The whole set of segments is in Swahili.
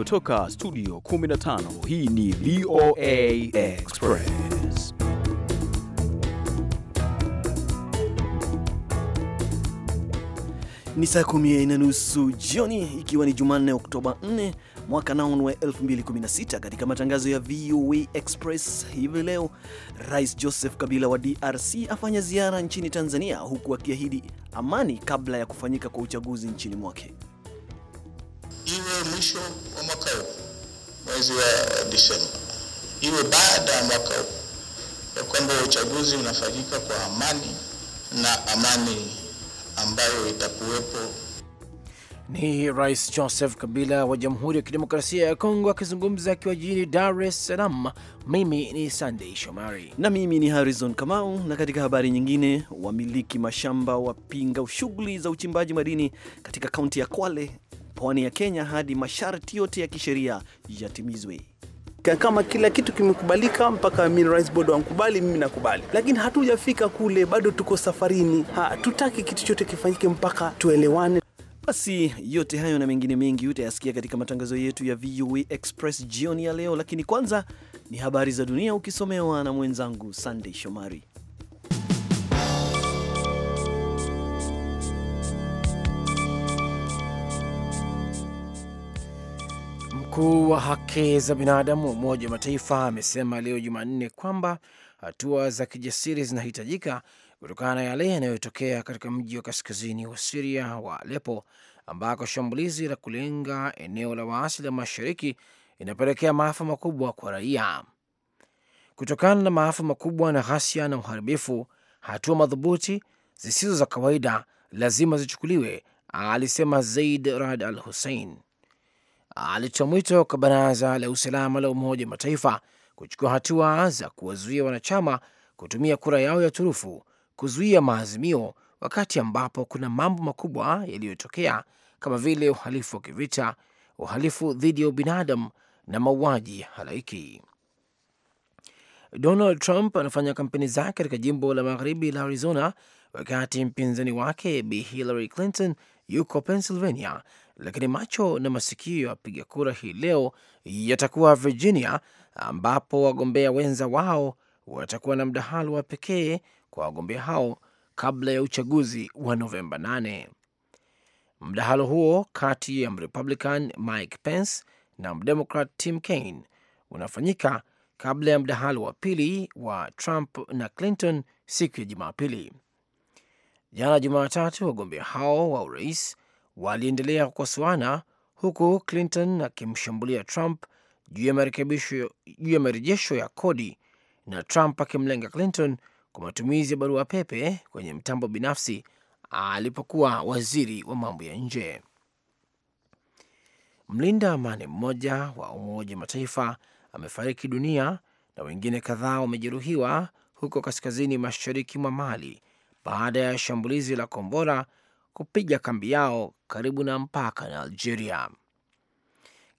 kutoka studio 15 hii ni VOA Express ni saa kumi na nusu jioni ikiwa ni Jumanne Oktoba 4 mwaka naon wa 2016 katika matangazo ya VOA Express hivi leo Rais Joseph Kabila wa DRC afanya ziara nchini Tanzania huku akiahidi amani kabla ya kufanyika kwa uchaguzi nchini mwake iwe mwisho wa mwaka huu mwezi wa Disemba, iwe baada ya mwaka huu, ya kwamba uchaguzi unafanyika kwa amani na amani ambayo itakuwepo. Ni Rais Joseph Kabila wa Jamhuri ya Kidemokrasia ya Kongo akizungumza akiwa jijini Dar es Salaam. Mimi ni Sunday Shomari na mimi ni Harrison Kamau. Na katika habari nyingine, wamiliki mashamba wapinga shughuli za uchimbaji madini katika kaunti ya Kwale pwani ya Kenya hadi masharti yote ya kisheria yatimizwe. Kama kila kitu kimekubalika, mpaka Minerais Board wankubali, mimi nakubali, lakini hatujafika kule, bado tuko safarini. Hatutaki kitu chote kifanyike mpaka tuelewane. Basi yote hayo na mengine mengi utayasikia katika matangazo yetu ya VOA Express jioni ya leo, lakini kwanza ni habari za dunia ukisomewa na mwenzangu Sandey Shomari. Mkuu wa haki za binadamu wa Umoja wa Mataifa amesema leo Jumanne kwamba hatua za kijasiri zinahitajika kutokana na yale yanayotokea katika mji wa kaskazini wa Siria wa Alepo, ambako shambulizi la kulenga eneo la waasi la mashariki inapelekea maafa makubwa kwa raia. Kutokana na maafa makubwa na ghasia na uharibifu, hatua madhubuti zisizo za kawaida lazima zichukuliwe, alisema Zaid Rad Al Hussein alitoa mwito kwa Baraza la Usalama la Umoja wa Mataifa kuchukua hatua za kuwazuia wanachama kutumia kura yao ya turufu kuzuia maazimio wakati ambapo kuna mambo makubwa yaliyotokea kama vile uhalifu wa kivita, uhalifu dhidi ya ubinadamu na mauaji halaiki. Donald Trump anafanya kampeni zake katika jimbo la magharibi la Arizona, wakati mpinzani wake Bi Hillary Clinton yuko Pennsylvania lakini macho na masikio ya wapiga kura hii leo yatakuwa Virginia, ambapo wagombea wenza wao watakuwa na mdahalo wa pekee kwa wagombea hao kabla ya uchaguzi wa Novemba 8. Mdahalo huo kati ya Mrepublican Mike Pence na Mdemokrat Tim Kaine unafanyika kabla ya mdahalo wa pili wa Trump na Clinton siku ya Jumapili. Jana Jumatatu, wagombea hao wa urais waliendelea kukosoana huku Clinton akimshambulia Trump juu ya marejesho ya kodi na Trump akimlenga Clinton kwa matumizi ya barua pepe kwenye mtambo binafsi alipokuwa waziri wa mambo ya nje. Mlinda amani mmoja wa Umoja Mataifa amefariki dunia na wengine kadhaa wamejeruhiwa huko kaskazini mashariki mwa Mali baada ya shambulizi la kombora kupiga kambi yao karibu na mpaka na Algeria.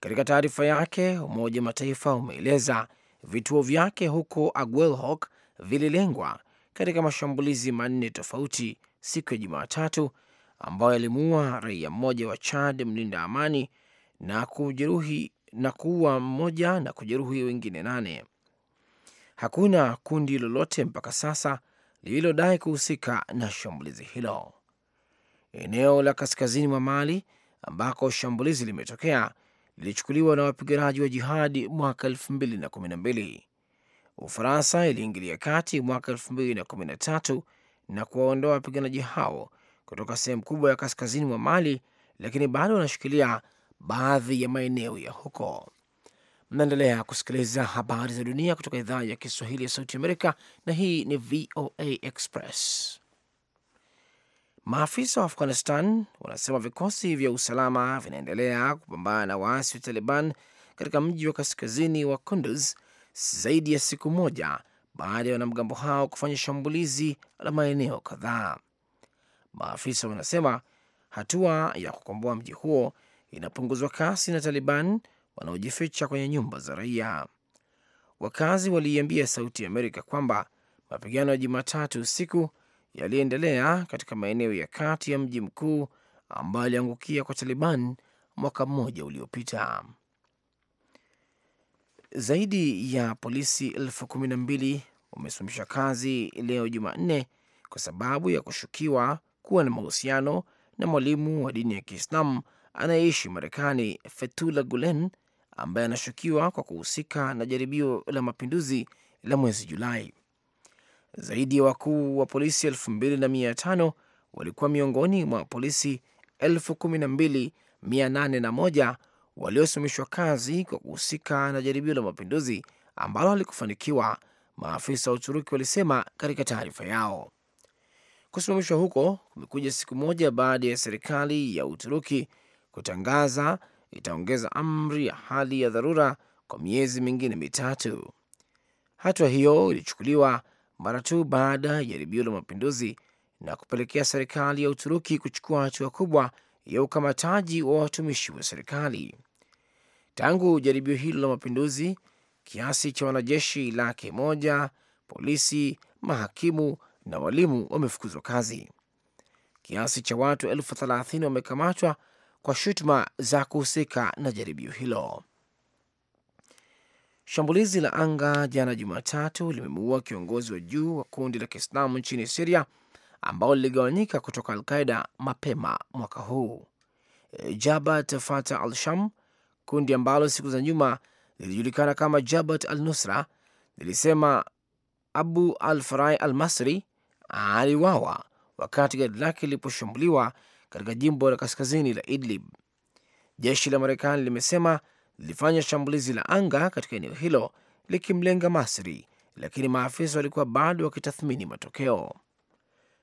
Katika taarifa yake, Umoja wa Mataifa umeeleza vituo vyake huko Aguelhok vililengwa katika mashambulizi manne tofauti siku ya Jumatatu ambayo yalimuua raia mmoja wa Chad mlinda amani na kujeruhi na kuua mmoja na kujeruhi wengine nane. Hakuna kundi lolote mpaka sasa lililodai kuhusika na shambulizi hilo. Eneo la kaskazini mwa Mali ambako shambulizi limetokea lilichukuliwa na wapiganaji wa jihadi mwaka 2012. Ufaransa iliingilia kati mwaka 2013 na kuwaondoa wapiganaji hao kutoka sehemu kubwa ya kaskazini mwa Mali, lakini bado wanashikilia baadhi ya maeneo ya huko. Mnaendelea kusikiliza habari za dunia kutoka idhaa ya Kiswahili ya Sauti Amerika, na hii ni VOA Express. Maafisa wa Afghanistan wanasema vikosi vya usalama vinaendelea kupambana na waasi wa Taliban katika mji wa kaskazini wa Kunduz zaidi ya siku moja baada ya wanamgambo hao kufanya shambulizi la maeneo kadhaa. Maafisa wanasema hatua ya kukomboa mji huo inapunguzwa kasi na Taliban wanaojificha kwenye nyumba za raia. Wakazi waliiambia Sauti ya Amerika kwamba mapigano ya Jumatatu usiku yaliendelea katika maeneo ya kati ya mji mkuu ambayo aliangukia kwa Taliban mwaka mmoja uliopita. Zaidi ya polisi elfu kumi na mbili wamesimamisha kazi leo Jumanne kwa sababu ya kushukiwa kuwa na mahusiano na mwalimu wa dini ya kiislam anayeishi Marekani, Fethullah Gulen, ambaye anashukiwa kwa kuhusika na jaribio la mapinduzi la mwezi Julai. Zaidi ya wakuu wa polisi 2500 walikuwa miongoni mwa polisi 12801 kumi waliosimamishwa kazi kwa kuhusika na jaribio la mapinduzi ambalo halikufanikiwa, maafisa wa Uturuki walisema katika taarifa yao. Kusimamishwa huko kumekuja siku moja baada ya serikali ya Uturuki kutangaza itaongeza amri ya hali ya dharura kwa miezi mingine mitatu. Hatua hiyo ilichukuliwa mara tu baada ya jaribio la mapinduzi na kupelekea serikali ya Uturuki kuchukua hatua kubwa ya ukamataji wa watumishi wa serikali. Tangu jaribio hilo la mapinduzi, kiasi cha wanajeshi laki moja, polisi, mahakimu na walimu wamefukuzwa kazi. Kiasi cha watu elfu thelathini wamekamatwa kwa shutuma za kuhusika na jaribio hilo. Shambulizi la anga jana Jumatatu limemuua kiongozi wa juu wa kundi la Kiislamu nchini Siria ambao liligawanyika kutoka Alqaida mapema mwaka huu. E, Jabat Fata al Sham, kundi ambalo siku za nyuma lilijulikana kama Jabat al Nusra, lilisema Abu al Farai al Masri aliwawa wakati gari lake liliposhambuliwa katika jimbo la kaskazini la Idlib. Jeshi la Marekani limesema lilifanya shambulizi la anga katika eneo hilo likimlenga Masri, lakini maafisa walikuwa bado wakitathmini matokeo.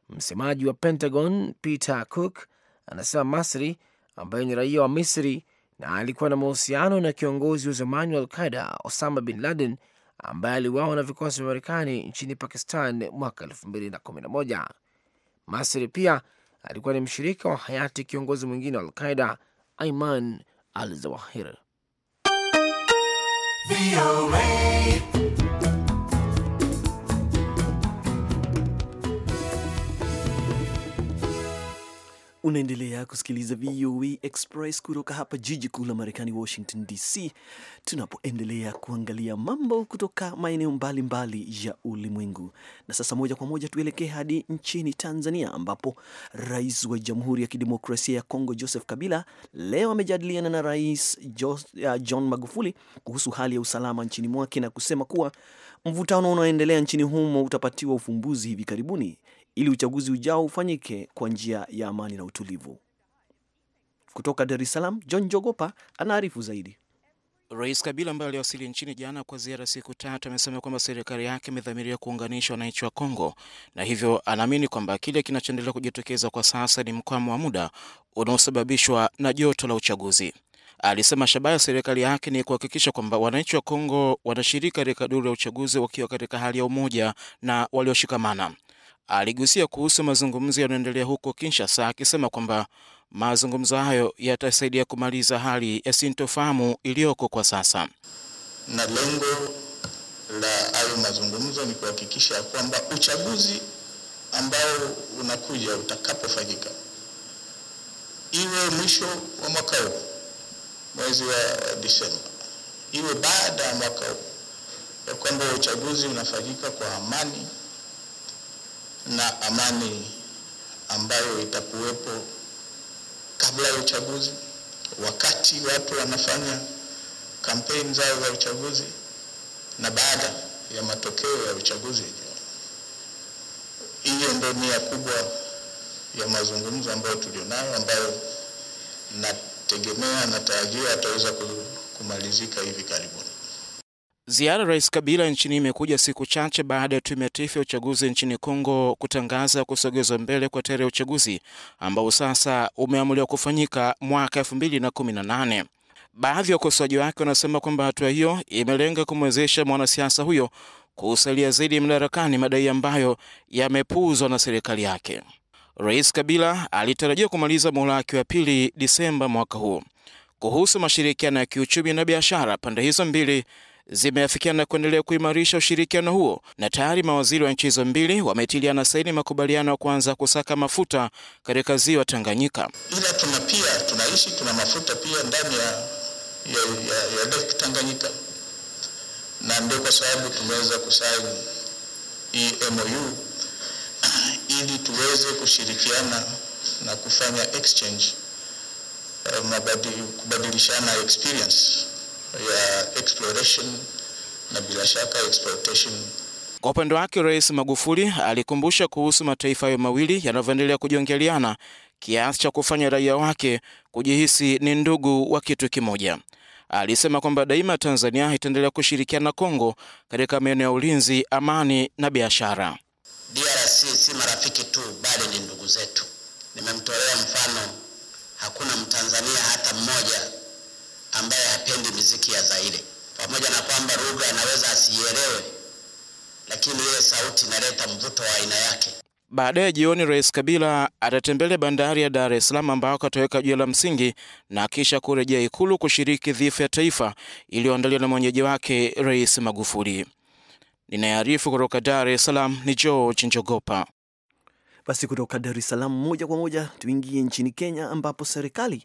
Msemaji wa Pentagon Peter Cook anasema Masri ambaye ni raia wa Misri na alikuwa na mahusiano na kiongozi wa zamani wa Alqaida Osama bin Laden ambaye aliwawa na vikosi vya Marekani nchini Pakistan mwaka 2011. Masri pia alikuwa ni mshirika wa hayati kiongozi mwingine wa Alqaida Aiman al Zawahir. Be VOA. Unaendelea kusikiliza VOA Express kutoka hapa jiji kuu la Marekani, Washington DC, tunapoendelea kuangalia mambo kutoka maeneo mbalimbali ya ulimwengu. Na sasa moja kwa moja tuelekee hadi nchini Tanzania, ambapo rais wa Jamhuri ya Kidemokrasia ya Kongo Joseph Kabila leo amejadiliana na Rais John Magufuli kuhusu hali ya usalama nchini mwake na kusema kuwa mvutano unaoendelea nchini humo utapatiwa ufumbuzi hivi karibuni ili uchaguzi ujao ufanyike kwa njia ya amani na utulivu. Kutoka Dar es Salaam, John Jogopa anaarifu zaidi. Rais Kabila ambaye aliwasili nchini jana kwa ziara siku tatu amesema kwamba serikali yake imedhamiria kuunganisha wananchi wa Kongo na hivyo anaamini kwamba kile kinachoendelea kujitokeza kwa sasa ni mkwamo wa muda unaosababishwa na joto la uchaguzi. Alisema shabaha ya serikali yake ni kuhakikisha kwamba wananchi wa Kongo wanashiriki katika duru ya uchaguzi wakiwa katika hali ya umoja na walioshikamana aligusia kuhusu mazungumzo yanayoendelea huko Kinshasa, akisema kwamba mazungumzo hayo yatasaidia kumaliza hali ya sintofahamu iliyoko kwa sasa, na lengo la hayo mazungumzo ni kuhakikisha ya kwamba uchaguzi ambao unakuja utakapofanyika, iwe mwisho wa mwaka huu mwezi wa Disemba, iwe baada ya mwaka huu, ya kwamba uchaguzi unafanyika kwa amani na amani ambayo itakuwepo kabla ya uchaguzi, wakati watu wanafanya kampeni zao za uchaguzi na baada ya matokeo ya uchaguzi. Hiyo ndio nia kubwa ya mazungumzo ambayo tulionayo, ambayo nategemea, natarajia ataweza kumalizika hivi karibuni. Ziara Rais Kabila nchini imekuja siku chache baada ya tume ya taifa ya uchaguzi nchini Kongo kutangaza kusogezwa mbele kwa tarehe ya uchaguzi ambao sasa umeamuliwa kufanyika mwaka 2018. Baadhi ya wakosoaji wake wanasema kwamba hatua hiyo imelenga kumwezesha mwanasiasa huyo kusalia zaidi madarakani, madai ambayo yamepuuzwa na serikali yake. Rais Kabila alitarajia kumaliza muhula wake wa pili Disemba mwaka huu. Kuhusu mashirikiano ya kiuchumi na biashara, pande hizo mbili zimeafikiana kuendelea kuimarisha ushirikiano huo na tayari mawaziri wa nchi hizo mbili wametiliana saini makubaliano ya kuanza kusaka mafuta katika ziwa Tanganyika. Ila tuna pia tunaishi tuna mafuta pia ndani ya, ya, ya, ya Lake Tanganyika, na ndio kwa sababu tumeweza kusaini hii MOU ili tuweze kushirikiana na kufanya exchange, eh, kubadilishana experience ya exploration na bila shaka exploitation. Kwa upande wake, Rais Magufuli alikumbusha kuhusu mataifa hayo mawili yanavyoendelea kujiongeleana kiasi cha kufanya raia wake kujihisi ni ndugu wa kitu kimoja. Alisema kwamba daima Tanzania itaendelea kushirikiana na Kongo katika maeneo ya ulinzi, amani na biashara. DRC si marafiki tu, bali ni ndugu zetu. Nimemtolea mfano, hakuna Mtanzania hata mmoja ambaye hapendi miziki ya Zaire. Pamoja na kwamba lugha anaweza asiielewe, lakini ile sauti inaleta mvuto wa aina yake. Baadaye jioni, Rais Kabila atatembelea bandari ya Dar es Salaam ambako ataweka jiwe la msingi na kisha kurejea Ikulu kushiriki dhifa ya taifa iliyoandaliwa na mwenyeji wake Rais Magufuli. Ninayearifu kutoka Dar es Salaam ni George Njogopa. Basi kutoka Dar es Salaam moja kwa moja tuingie nchini Kenya, ambapo serikali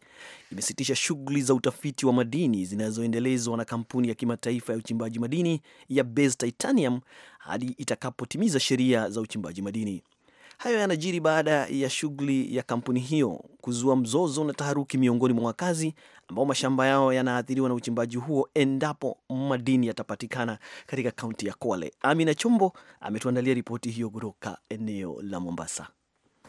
imesitisha shughuli za utafiti wa madini zinazoendelezwa na kampuni ya kimataifa ya uchimbaji madini ya Base Titanium hadi itakapotimiza sheria za uchimbaji madini. Hayo yanajiri baada ya shughuli ya kampuni hiyo kuzua mzozo na taharuki miongoni mwa wakazi ambao mashamba yao yanaathiriwa na uchimbaji huo endapo madini yatapatikana katika kaunti ya Kwale. Amina Chombo ametuandalia ripoti hiyo kutoka eneo la Mombasa.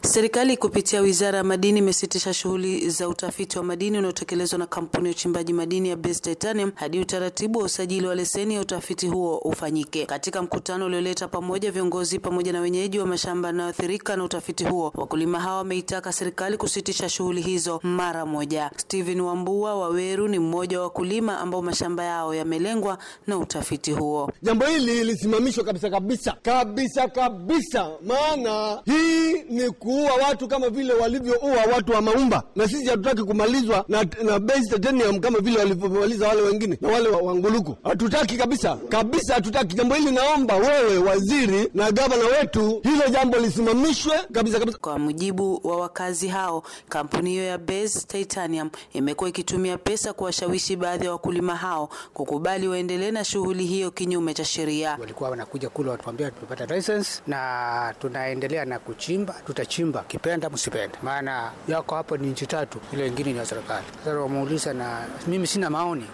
Serikali kupitia Wizara ya Madini imesitisha shughuli za utafiti wa madini unaotekelezwa na kampuni ya uchimbaji madini ya Base Titanium hadi utaratibu wa usajili wa leseni ya utafiti huo ufanyike. Katika mkutano ulioleta pamoja viongozi pamoja na wenyeji wa mashamba yanayoathirika na utafiti huo, wakulima hawa wameitaka serikali kusitisha shughuli hizo mara moja. Steven Wambua Waweru ni mmoja wa wakulima ambao mashamba yao yamelengwa na utafiti huo. Jambo hili lilisimamishwa kabisa kabisa kabisa kabisa, maana hii ni ku kuua watu kama vile walivyoua watu wa Maumba, na sisi hatutaki kumalizwa na, na base titanium kama vile walivyomaliza wale wengine na wale wanguluku. Hatutaki kabisa kabisa, hatutaki jambo hili. Naomba wewe waziri na gavana wetu hilo jambo lisimamishwe kabisa kabisa. Kwa mujibu wa wakazi hao, kampuni hiyo ya Base Titanium imekuwa ikitumia pesa kuwashawishi baadhi ya wakulima hao kukubali waendelee na shughuli hiyo kinyume cha sheria. Walikuwa wanakuja kule, watuambia tumepata license na tunaendelea na kuchimba, tutachimba kuimba kipenda msipenda, maana yako hapo ni nchi tatu, ile ingine ni ya serikali. Sasa wamuuliza, na mimi sina maoni.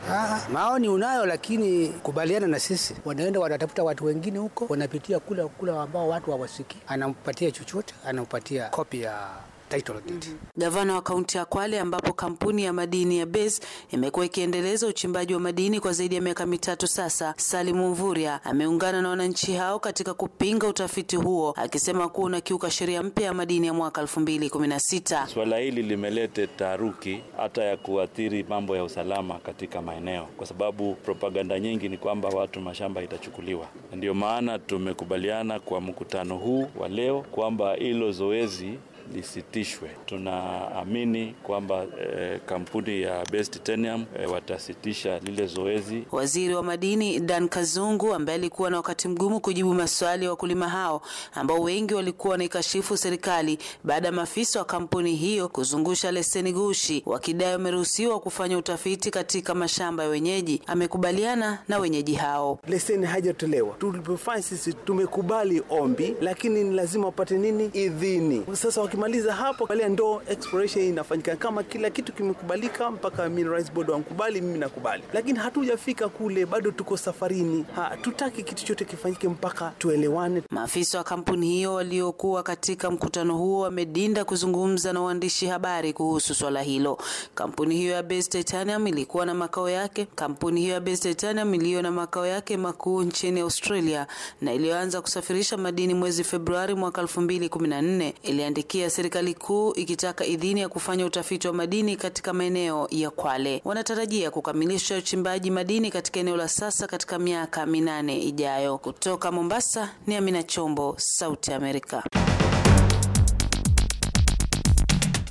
maoni unayo, lakini kubaliana na sisi. Wanaenda wanatafuta watu wengine huko, wanapitia kula kula ambao watu hawasikii, anampatia chochote, anampatia kopi ya title deed. Mm -hmm. Gavana wa kaunti ya Kwale ambapo kampuni ya madini ya Base imekuwa ikiendeleza uchimbaji wa madini kwa zaidi ya miaka mitatu sasa, Salim Mvuria ameungana na wananchi hao katika kupinga utafiti huo, akisema kuwa unakiuka sheria mpya ya madini ya mwaka 2016. Swala hili limelete taharuki hata ya kuathiri mambo ya usalama katika maeneo, kwa sababu propaganda nyingi ni kwamba watu mashamba itachukuliwa. Ndiyo maana tumekubaliana kwa mkutano huu wa leo kwamba hilo zoezi lisitishwe. Tunaamini kwamba eh, kampuni ya Best Titanium eh, watasitisha lile zoezi. Waziri wa madini Dan Kazungu ambaye alikuwa na wakati mgumu kujibu maswali ya wa wakulima hao ambao wengi walikuwa wanaikashifu serikali baada ya maafisa wa kampuni hiyo kuzungusha leseni gushi wakidai wameruhusiwa kufanya utafiti katika mashamba ya wenyeji, amekubaliana na wenyeji hao. Leseni haijatolewa tulipofanya sisi tumekubali ombi, lakini ni lazima wapate nini, idhini. Sasa wakima Ukimaliza hapo, angalia ndo exploration inafanyika, kama kila kitu kimekubalika, mpaka Minerais Board wankubali, mimi nakubali, lakini hatujafika kule, bado tuko safarini. Hatutaki kitu chote kifanyike mpaka tuelewane. Maafisa wa kampuni hiyo waliokuwa katika mkutano huo wamedinda kuzungumza na waandishi habari kuhusu swala hilo. Kampuni hiyo ya Base Titanium ilikuwa na makao yake kampuni hiyo ya Base Titanium iliyo na makao yake makuu nchini Australia na iliyoanza kusafirisha madini mwezi Februari mwaka 2014 iliandikia ya serikali kuu ikitaka idhini ya kufanya utafiti wa madini katika maeneo ya Kwale. Wanatarajia kukamilisha uchimbaji madini katika eneo la sasa katika miaka minane ijayo. Kutoka Mombasa ni Amina Chombo, Sauti ya Amerika.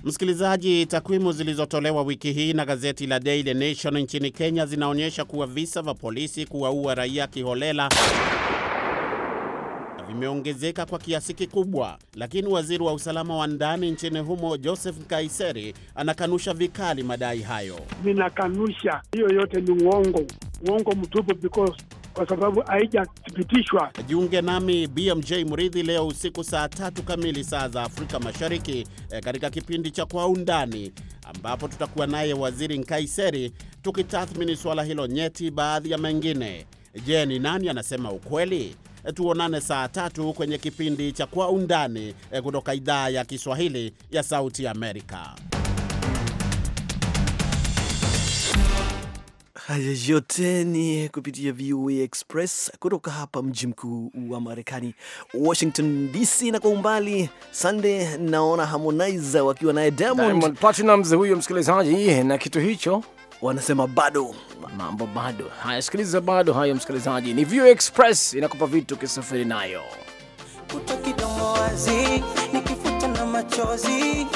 Msikilizaji, takwimu zilizotolewa wiki hii na gazeti la Daily Nation nchini Kenya zinaonyesha kuwa visa vya polisi kuwaua raia kiholela vimeongezeka kwa kiasi kikubwa, lakini waziri wa usalama wa ndani nchini humo Joseph kaiseri anakanusha vikali madai hayo. Ninakanusha, hiyo yote ni uongo, uongo mtupu because kwa sababu haijathibitishwa. Jiunge nami BMJ Mridhi leo usiku saa tatu kamili saa za Afrika Mashariki e, katika kipindi cha Kwa Undani ambapo tutakuwa naye Waziri Nkaiseri tukitathmini suala hilo nyeti, baadhi ya mengine. Je, ni nani anasema ukweli? tuonane saa tatu kwenye kipindi cha Kwa Undani eh, kutoka idhaa ya Kiswahili ya Sauti Amerika. Haya yote ni kupitia VOA Express kutoka hapa mji mkuu wa Marekani, Washington DC. Na kwa umbali sande naona Harmonize wakiwa naye Diamond Platnumz, huyo msikilizaji, na kitu hicho wanasema bado mambo bado. Haya, sikiliza, bado hayo, msikilizaji, ni View Express inakupa vitu kisafiri nayo kuto kidomo wazi nikifuta na machozi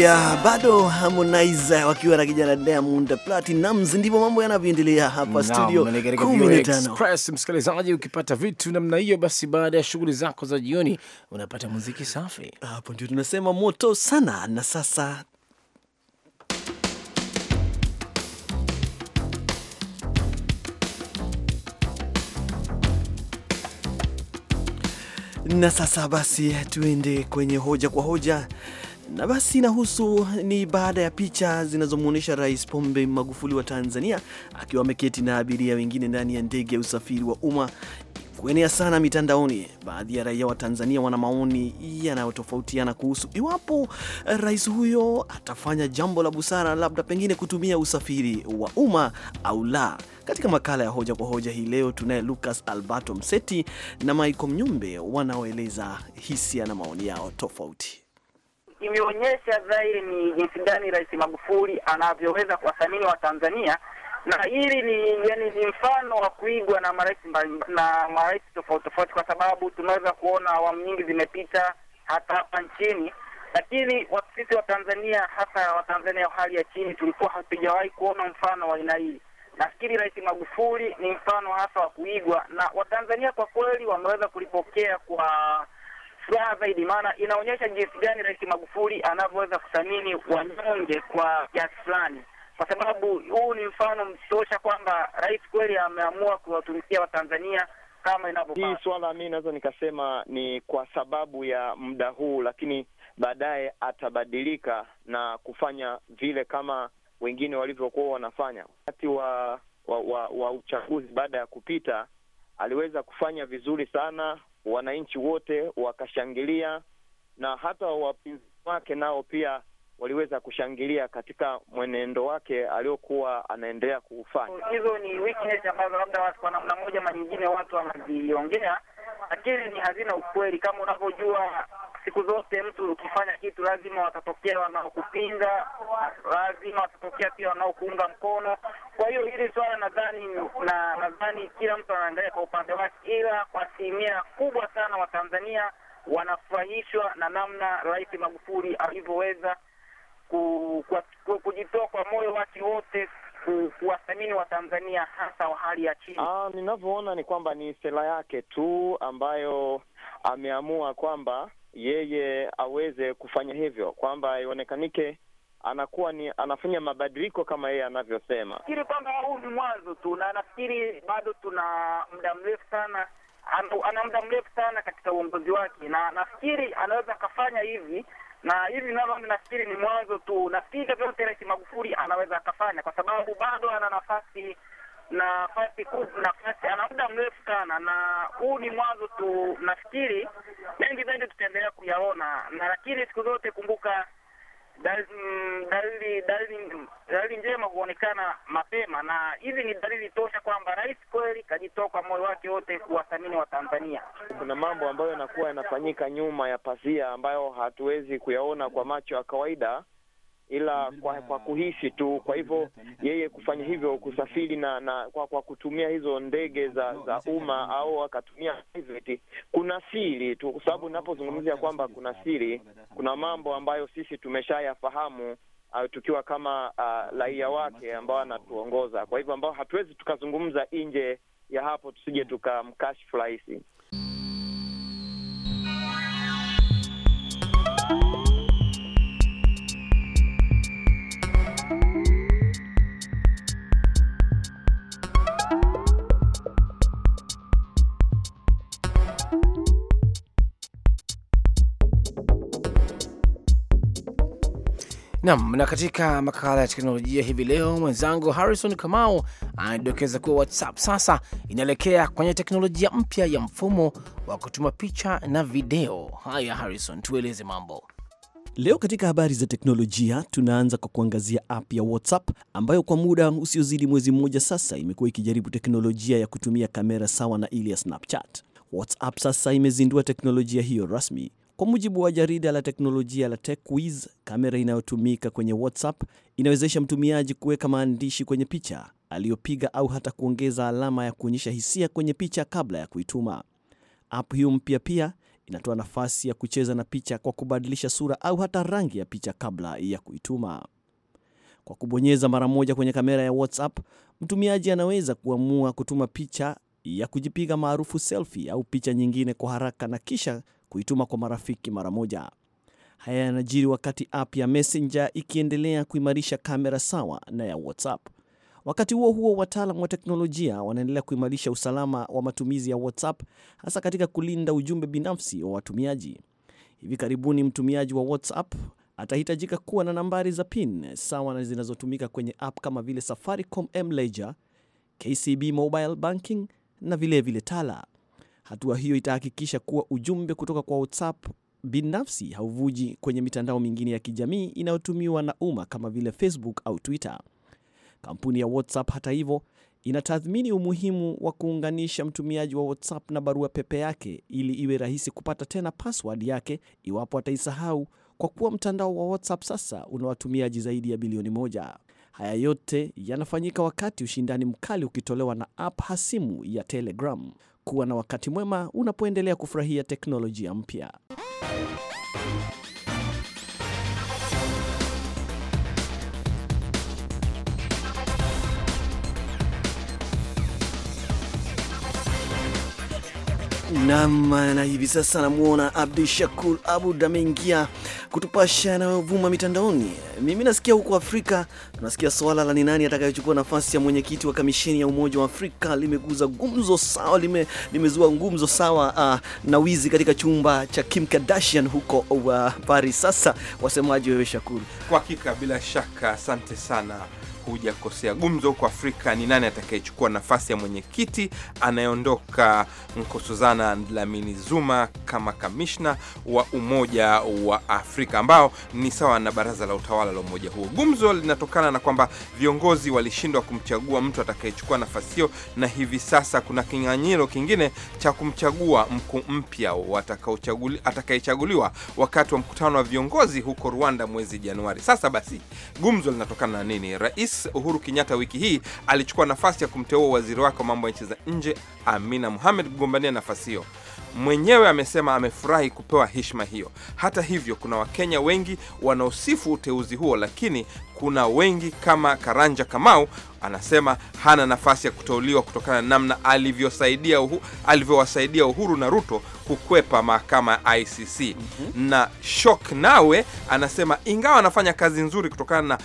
Nakwambia bado Harmonize wakiwa na kijana Diamond Platnumz, ndivyo mambo yanavyoendelea hapa studio 15. Msikilizaji, ukipata vitu namna hiyo, basi baada ya shughuli zako za jioni unapata muziki safi. Hapo ndio tunasema moto sana. Na sasa na sasa basi tuende kwenye hoja kwa hoja na basi inahusu ni baada ya picha zinazomwonyesha Rais Pombe Magufuli wa Tanzania akiwa ameketi na abiria wengine ndani ya ndege ya usafiri wa umma kuenea sana mitandaoni. Baadhi ya raia wa Tanzania wana maoni yanayotofautiana kuhusu iwapo rais huyo atafanya jambo la busara, labda pengine kutumia usafiri wa umma au la. Katika makala ya hoja kwa hoja hii leo tunaye Lucas Alberto Mseti na Michael Mnyumbe wanaoeleza hisia na maoni yao tofauti imeonyesha dhahiri ni jinsi gani Rais Magufuli anavyoweza kuwathamini Watanzania na hili ni yani ni mfano wa kuigwa na marais na marais tofauti tofauti, kwa sababu tunaweza kuona awamu nyingi zimepita hata hapa nchini, lakini sisi wa Tanzania, hasa Watanzania wa hali ya chini, tulikuwa hatujawahi kuona mfano wa aina hii. Nafikiri Rais Magufuli ni mfano hasa wa kuigwa na Watanzania. Kwa kweli wameweza kulipokea kwa furaha zaidi, maana inaonyesha jinsi gani Rais Magufuli anavyoweza kuthamini wanyonge kwa kiasi fulani, kwa sababu huu ni mfano mtosha kwamba rais kweli ameamua kuwatumikia Watanzania kama inavyopasa. Hii swala mi naweza nikasema ni kwa sababu ya muda huu, lakini baadaye atabadilika na kufanya vile kama wengine walivyokuwa wanafanya wakati wa wa, wa, wa uchaguzi. Baada ya kupita aliweza kufanya vizuri sana wananchi wote wakashangilia, na hata wapinzani wake nao pia waliweza kushangilia katika mwenendo wake aliokuwa anaendelea kuufanya. Hizo ni weakness ambazo labda watu kwa namna moja ama nyingine watu wanaziongea, lakini ni hazina ukweli. Kama unavyojua siku zote mtu ukifanya kitu lazima watatokea wanaokupinga, lazima watatokea pia wanaokuunga mkono. Kwa hiyo hili swala nadhani na nadhani kila mtu anaangalia kwa upande wake, ila kwa asilimia kubwa sana Watanzania wanafurahishwa na namna Rais Magufuli alivyoweza kujitoa kwa moyo wake wote kuwathamini Watanzania hasa wa hali ya chini. Ah, ninavyoona ni kwamba ni sera yake tu ambayo ameamua kwamba yeye aweze kufanya hivyo, kwamba ionekanike anakuwa ni anafanya mabadiliko kama yeye anavyosema. Nafikiri kwamba huu ni mwanzo tu, na nafikiri bado tuna muda mrefu sana, ana muda mrefu sana katika uongozi wake, na nafikiri anaweza akafanya hivi na hivi navyo nafikiri ni mwanzo tu. Nafikiri vyote Rais Magufuli anaweza akafanya, kwa sababu bado ana nafasi nafasi kubwa, nafasi ana muda mrefu sana, na huu ni mwanzo tu. Nafikiri mengi zaidi tutaendelea kuyaona, na lakini siku zote kumbuka, dalili dalili dalili njema huonekana mapema, na hizi ni dalili tosha kwamba rais kweli kajitoa kwa moyo wake wote kuwathamini Watanzania. Kuna mambo ambayo yanakuwa yanafanyika nyuma ya pazia ambayo hatuwezi kuyaona kwa macho ya kawaida ila kwa, kwa kuhisi tu. Kwa hivyo yeye kufanya hivyo kusafiri na, na kwa, kwa kutumia hizo ndege za za umma au akatumia private, kuna siri tu, kwa sababu ninapozungumzia kwamba kuna siri, kuna mambo ambayo sisi tumeshayafahamu Uh, tukiwa kama uh, raia uh, wake ambao anatuongoza, kwa hivyo ambao hatuwezi tukazungumza nje ya hapo, tusije tukamkashfu rais. Nam na katika makala ya teknolojia hivi leo, mwenzangu Harrison Kamau anadokeza kuwa WhatsApp sasa inaelekea kwenye teknolojia mpya ya mfumo wa kutuma picha na video. Haya Harrison, tueleze mambo. Leo katika habari za teknolojia tunaanza kwa kuangazia app ya WhatsApp ambayo kwa muda usiozidi mwezi mmoja sasa imekuwa ikijaribu teknolojia ya kutumia kamera sawa na ile ya Snapchat. WhatsApp sasa imezindua teknolojia hiyo rasmi kwa mujibu wa jarida la teknolojia la TechWiz, kamera inayotumika kwenye WhatsApp inawezesha mtumiaji kuweka maandishi kwenye picha aliyopiga au hata kuongeza alama ya kuonyesha hisia kwenye picha kabla ya kuituma. App hiyo mpya pia inatoa nafasi ya kucheza na picha kwa kubadilisha sura au hata rangi ya picha kabla ya kuituma. Kwa kubonyeza mara moja kwenye kamera ya WhatsApp, mtumiaji anaweza kuamua kutuma picha ya kujipiga maarufu selfie au picha nyingine kwa haraka na kisha kuituma kwa marafiki mara moja. Haya yanajiri wakati app ya Messenger ikiendelea kuimarisha kamera sawa na ya WhatsApp. Wakati huo huo, wataalam wa teknolojia wanaendelea kuimarisha usalama wa matumizi ya WhatsApp, hasa katika kulinda ujumbe binafsi wa watumiaji. Hivi karibuni mtumiaji wa WhatsApp atahitajika kuwa na nambari za PIN sawa na zinazotumika kwenye app kama vile Safaricom m KCB Mobile Banking na vilevile Tala. Hatua hiyo itahakikisha kuwa ujumbe kutoka kwa WhatsApp binafsi hauvuji kwenye mitandao mingine ya kijamii inayotumiwa na umma kama vile Facebook au Twitter. Kampuni ya WhatsApp hata hivyo, inatathmini umuhimu wa kuunganisha mtumiaji wa WhatsApp na barua pepe yake ili iwe rahisi kupata tena password yake iwapo ataisahau, kwa kuwa mtandao wa WhatsApp sasa una watumiaji zaidi ya bilioni moja. Haya yote yanafanyika wakati ushindani mkali ukitolewa na app hasimu ya Telegram. Kuwa na wakati mwema unapoendelea kufurahia teknolojia mpya. Nam, na hivi sasa namwona Abdu Shakur Abud ameingia kutupasha yanayovuma mitandaoni. Mimi nasikia huko Afrika tunasikia swala la ni nani atakayechukua nafasi ya mwenyekiti wa kamisheni ya Umoja wa Afrika limeguza gumzo sawa, lime, limezua ngumzo sawa uh, na wizi katika chumba cha Kim Kardashian huko uh, Paris. Sasa wasemaji wewe Shakur? Kwa hakika, bila shaka, asante sana hujakosea gumzo huko Afrika ni nani atakayechukua nafasi ya mwenyekiti anayeondoka Nkosazana Dlamini Zuma kama kamishna wa Umoja wa Afrika ambao ni sawa na baraza la utawala la umoja huo. Gumzo linatokana na kwamba viongozi walishindwa kumchagua mtu atakayechukua nafasi hiyo, na hivi sasa kuna kinyang'anyiro kingine cha kumchagua mkuu mpya atakayechaguliwa wakati wa mkutano wa viongozi huko Rwanda mwezi Januari. Sasa basi, gumzo linatokana na nini? Rais Rais Uhuru Kenyatta wiki hii alichukua nafasi ya kumteua waziri wake wa mambo ya nchi za nje Amina Mohamed kugombania nafasi hiyo. Mwenyewe amesema amefurahi kupewa heshima hiyo. Hata hivyo, kuna Wakenya wengi wanaosifu uteuzi huo, lakini kuna wengi kama Karanja Kamau anasema hana nafasi ya kuteuliwa kutokana na namna alivyosaidia uhu, alivyowasaidia Uhuru na Ruto kukwepa mahakama ya ICC. mm -hmm. Na Shok nawe anasema ingawa anafanya kazi nzuri kutokana na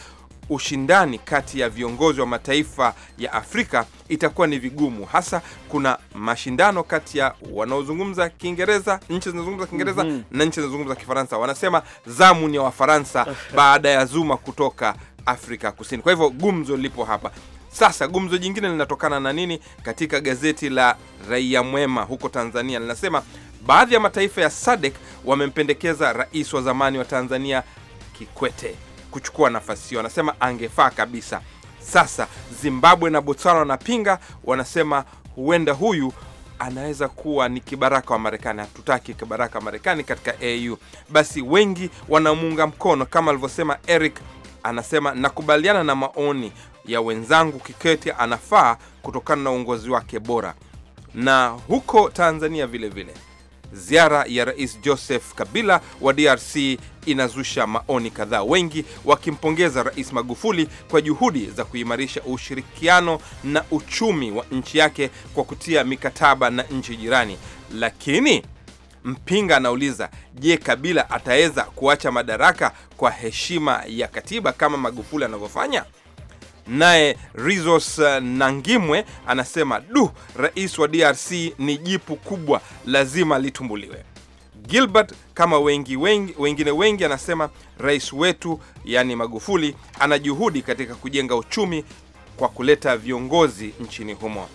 ushindani kati ya viongozi wa mataifa ya Afrika itakuwa ni vigumu, hasa kuna mashindano kati ya wanaozungumza Kiingereza, nchi zinazungumza Kiingereza mm -hmm. na nchi zinazungumza Kifaransa. Wanasema zamu ni ya Wafaransa baada ya Zuma kutoka Afrika Kusini. Kwa hivyo gumzo lipo hapa. Sasa gumzo jingine linatokana na nini? Katika gazeti la Raia Mwema huko Tanzania linasema baadhi ya mataifa ya SADC wamempendekeza rais wa zamani wa Tanzania Kikwete kuchukua nafasi hiyo. Anasema angefaa kabisa. Sasa Zimbabwe na Botswana wanapinga, wanasema huenda huyu anaweza kuwa ni kibaraka wa Marekani. Hatutaki kibaraka wa Marekani katika AU. Basi wengi wanamuunga mkono kama alivyosema Eric, anasema nakubaliana na maoni ya wenzangu, Kikwete anafaa kutokana na uongozi wake bora. Na huko Tanzania vilevile vile Ziara ya Rais Joseph Kabila wa DRC inazusha maoni kadhaa, wengi wakimpongeza Rais Magufuli kwa juhudi za kuimarisha ushirikiano na uchumi wa nchi yake kwa kutia mikataba na nchi jirani. Lakini mpinga anauliza, je, Kabila ataweza kuacha madaraka kwa heshima ya katiba kama Magufuli anavyofanya? Naye Rizos eh, Nangimwe anasema du, rais wa DRC ni jipu kubwa, lazima litumbuliwe. Gilbert kama wengi wengi, wengine wengi anasema rais wetu yani Magufuli ana juhudi katika kujenga uchumi kwa kuleta viongozi nchini humo.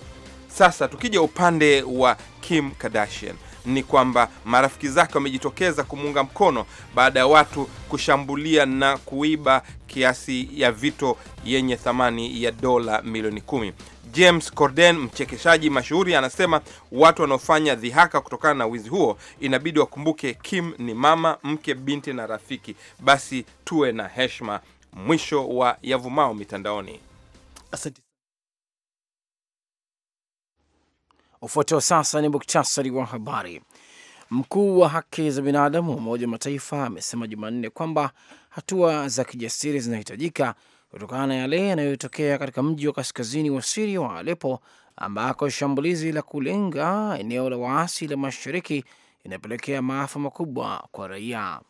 Sasa tukija upande wa Kim Kardashian ni kwamba marafiki zake wamejitokeza kumuunga mkono baada ya watu kushambulia na kuiba kiasi ya vito yenye thamani ya dola milioni kumi. James Corden, mchekeshaji mashuhuri, anasema watu wanaofanya dhihaka kutokana na wizi huo inabidi wakumbuke Kim ni mama, mke, binti na rafiki. Basi tuwe na heshima. Mwisho wa Yavumao Mitandaoni. Asante. Ufuatao sasa ni muktasari wa habari. Mkuu wa haki za binadamu wa Umoja wa Mataifa amesema Jumanne kwamba hatua za kijasiri zinahitajika kutokana na yale yanayotokea katika mji wa kaskazini wa Siria wa Alepo, ambako shambulizi la kulenga eneo la waasi la mashariki inapelekea maafa makubwa kwa raia.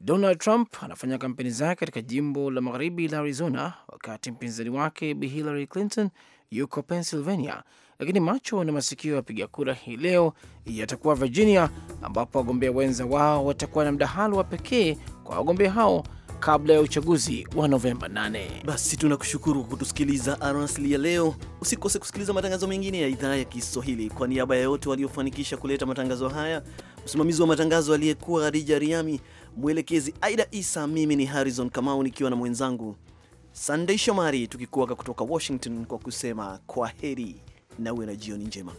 Donald Trump anafanya kampeni zake katika jimbo la magharibi la Arizona, wakati mpinzani wake Bi Hillary Clinton yuko Pennsylvania lakini macho na masikio ya wapiga kura hii leo yatakuwa Virginia, ambapo wagombea wenza wao watakuwa na mdahalo wa pekee kwa wagombea hao kabla ya uchaguzi wa Novemba 8. Basi tunakushukuru kwa kutusikiliza arasli ya leo. Usikose kusikiliza matangazo mengine ya idhaa ya Kiswahili. Kwa niaba ya yote waliofanikisha kuleta matangazo haya, msimamizi wa matangazo aliyekuwa hadija Riami, mwelekezi Aida Isa, mimi ni Harrison Kamau nikiwa na mwenzangu Sandei Shomari, tukikuaga kutoka Washington kwa kusema kwa heri na uwe na jioni njema.